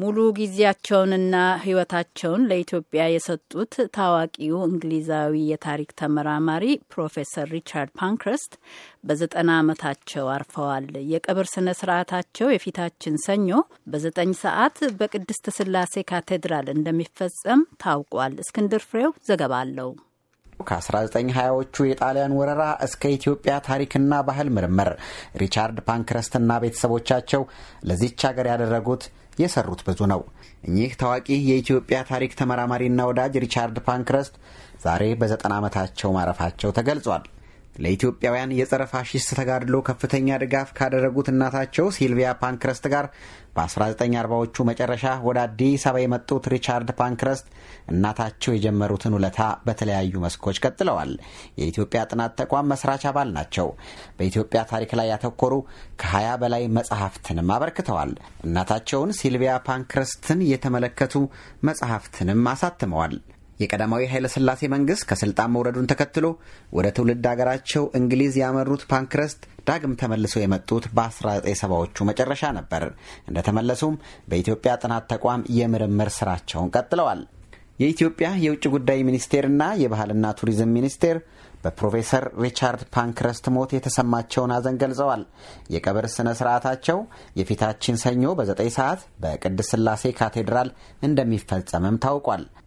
ሙሉ ጊዜያቸውንና ሕይወታቸውን ለኢትዮጵያ የሰጡት ታዋቂው እንግሊዛዊ የታሪክ ተመራማሪ ፕሮፌሰር ሪቻርድ ፓንክረስት በዘጠና ዓመታቸው አርፈዋል። የቀብር ስነ ስርዓታቸው የፊታችን ሰኞ በዘጠኝ ሰዓት በቅድስት ስላሴ ካቴድራል እንደሚፈጸም ታውቋል። እስክንድር ፍሬው ዘገባ አለው። ከ1920ዎቹ የጣሊያን ወረራ እስከ ኢትዮጵያ ታሪክና ባህል ምርምር ሪቻርድ ፓንክረስትና ቤተሰቦቻቸው ለዚች ሀገር ያደረጉት የሰሩት ብዙ ነው። እኚህ ታዋቂ የኢትዮጵያ ታሪክ ተመራማሪና ወዳጅ ሪቻርድ ፓንክረስት ዛሬ በዘጠና ዓመታቸው ማረፋቸው ተገልጿል። ለኢትዮጵያውያን የጸረ ፋሽስት ተጋድሎ ከፍተኛ ድጋፍ ካደረጉት እናታቸው ሲልቪያ ፓንክረስት ጋር በ1940ዎቹ መጨረሻ ወደ አዲስ አበባ የመጡት ሪቻርድ ፓንክረስት እናታቸው የጀመሩትን ውለታ በተለያዩ መስኮች ቀጥለዋል። የኢትዮጵያ ጥናት ተቋም መስራች አባል ናቸው። በኢትዮጵያ ታሪክ ላይ ያተኮሩ ከ20 በላይ መጽሐፍትንም አበርክተዋል። እናታቸውን ሲልቪያ ፓንክረስትን የተመለከቱ መጽሐፍትንም አሳትመዋል። የቀዳማዊ ኃይለ ሥላሴ መንግሥት ከሥልጣን መውረዱን ተከትሎ ወደ ትውልድ አገራቸው እንግሊዝ ያመሩት ፓንክረስት ዳግም ተመልሰው የመጡት በ1970ዎቹ መጨረሻ ነበር። እንደተመለሱም በኢትዮጵያ ጥናት ተቋም የምርምር ሥራቸውን ቀጥለዋል። የኢትዮጵያ የውጭ ጉዳይ ሚኒስቴርና የባህልና ቱሪዝም ሚኒስቴር በፕሮፌሰር ሪቻርድ ፓንክረስት ሞት የተሰማቸውን ሐዘን ገልጸዋል። የቀብር ሥነ ሥርዓታቸው የፊታችን ሰኞ በ9 ሰዓት በቅድስት ሥላሴ ካቴድራል እንደሚፈጸምም ታውቋል።